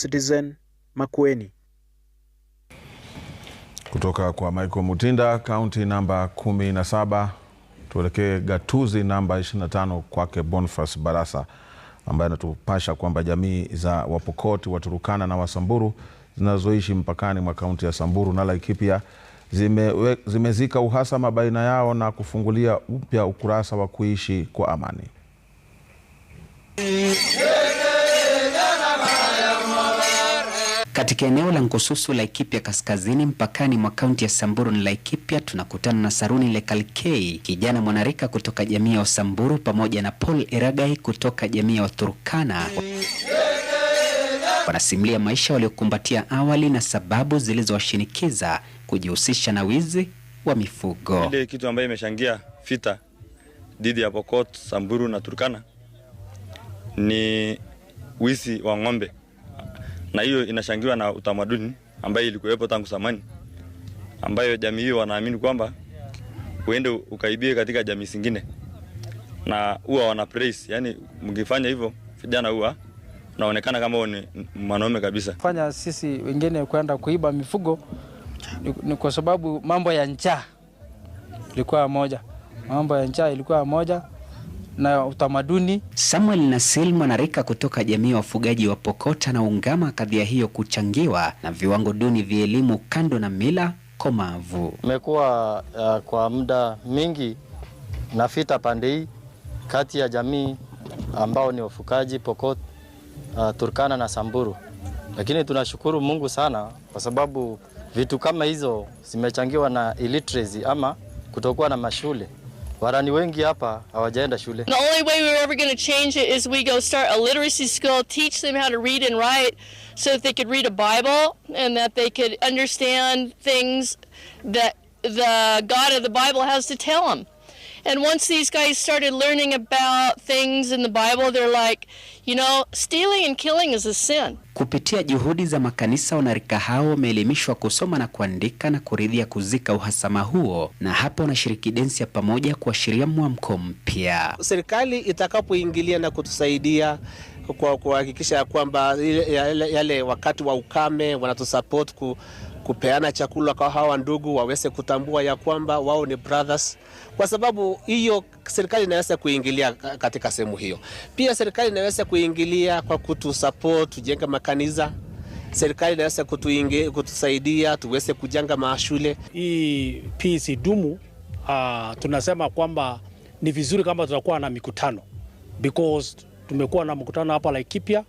Citizen Makueni. Kutoka kwa Michael Mutinda, kaunti namba 17, tuelekee gatuzi namba 25 kwake Boniface Barasa ambaye anatupasha kwamba jamii za Wapokot, Waturukana na Wasamburu zinazoishi mpakani mwa kaunti ya Samburu na Laikipia zime, zimezika uhasama baina yao na kufungulia upya ukurasa wa kuishi kwa amani. Katika eneo la la Laikipia Kaskazini, mpakani mwa kaunti ya Samburu na Laikipia, tunakutana na Saruni Lekalkei, kijana mwanarika kutoka jamii ya Wasamburu pamoja na Paul Eragai kutoka jamii ya waturukana Wanasimulia maisha waliokumbatia awali na sababu zilizowashinikiza kujihusisha na wizi wa mifugo. Ile kitu ambayo imeshangia vita dhidi ya Pokot, Samburu na Turkana ni wizi wa ng'ombe na hiyo inashangiwa na utamaduni ambayo ilikuwepo tangu zamani, ambayo jamii hiyo wanaamini kwamba uende ukaibie katika jamii zingine, na huwa wana praise, yani mkifanya hivyo vijana huwa naonekana kama ni mwanaume kabisa. Fanya sisi wengine kwenda kuiba mifugo ni kwa sababu mambo ya njaa ilikuwa moja, mambo ya njaa ilikuwa moja na utamaduni. Samuel Nasil, mwanarika kutoka jamii ya wafugaji wa Pokot, anaungama kadhia hiyo kuchangiwa na viwango duni vya elimu kando na mila komavu. Imekuwa uh, kwa muda mingi nafita pande hii kati ya jamii ambao ni wafugaji Pokot, uh, Turkana na Samburu, lakini tunashukuru Mungu sana kwa sababu vitu kama hizo zimechangiwa na illiteracy ama kutokuwa na mashule. Warani wengi hapa hawajaenda shule. The only way we're ever going to change it is we go start a literacy school, teach them how to read and write so that they could read a Bible and that they could understand things that the God of the Bible has to tell them. And once these guys started learning about things in the Bible, they're like, you know, stealing and killing is a sin. Kupitia juhudi za makanisa, wanarika hao wameelimishwa kusoma na kuandika na kuridhia kuzika uhasama huo, na hapo wanashiriki densi ya pamoja kuashiria mwamko mpya. Serikali itakapoingilia na kutusaidia kwa kuhakikisha ya kwamba yale, yale wakati wa ukame wanatusupport ku, kupeana chakula kwa hawa ndugu waweze kutambua ya kwamba wao ni brothers, kwa sababu hiyo serikali inaweza kuingilia katika sehemu hiyo. Pia serikali inaweza kuingilia kwa kutusupport tujenge makanisa. Serikali inaweza kutusaidia tuweze kujenga mashule. Hii peace idumu. Uh, tunasema kwamba ni vizuri kama tutakuwa na mikutano because Tumekuwa na mkutano hapa Laikipia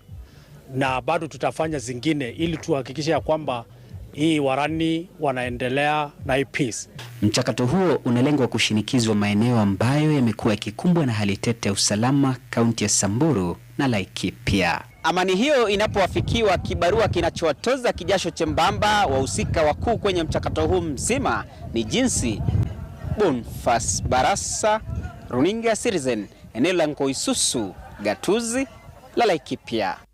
na bado tutafanya zingine ili tuhakikishe ya kwamba hii Warani wanaendelea na peace. Mchakato huo unalengwa kushinikizwa maeneo ambayo yamekuwa yakikumbwa na hali tete ya usalama kaunti ya Samburu na Laikipia. Amani hiyo inapowafikiwa, kibarua kinachowatoza kijasho chembamba wahusika wakuu kwenye mchakato huu mzima ni jinsi. Bonfas Barasa, runinga Citizen, eneo la Nkoisusu, gatuzi la Laikipia.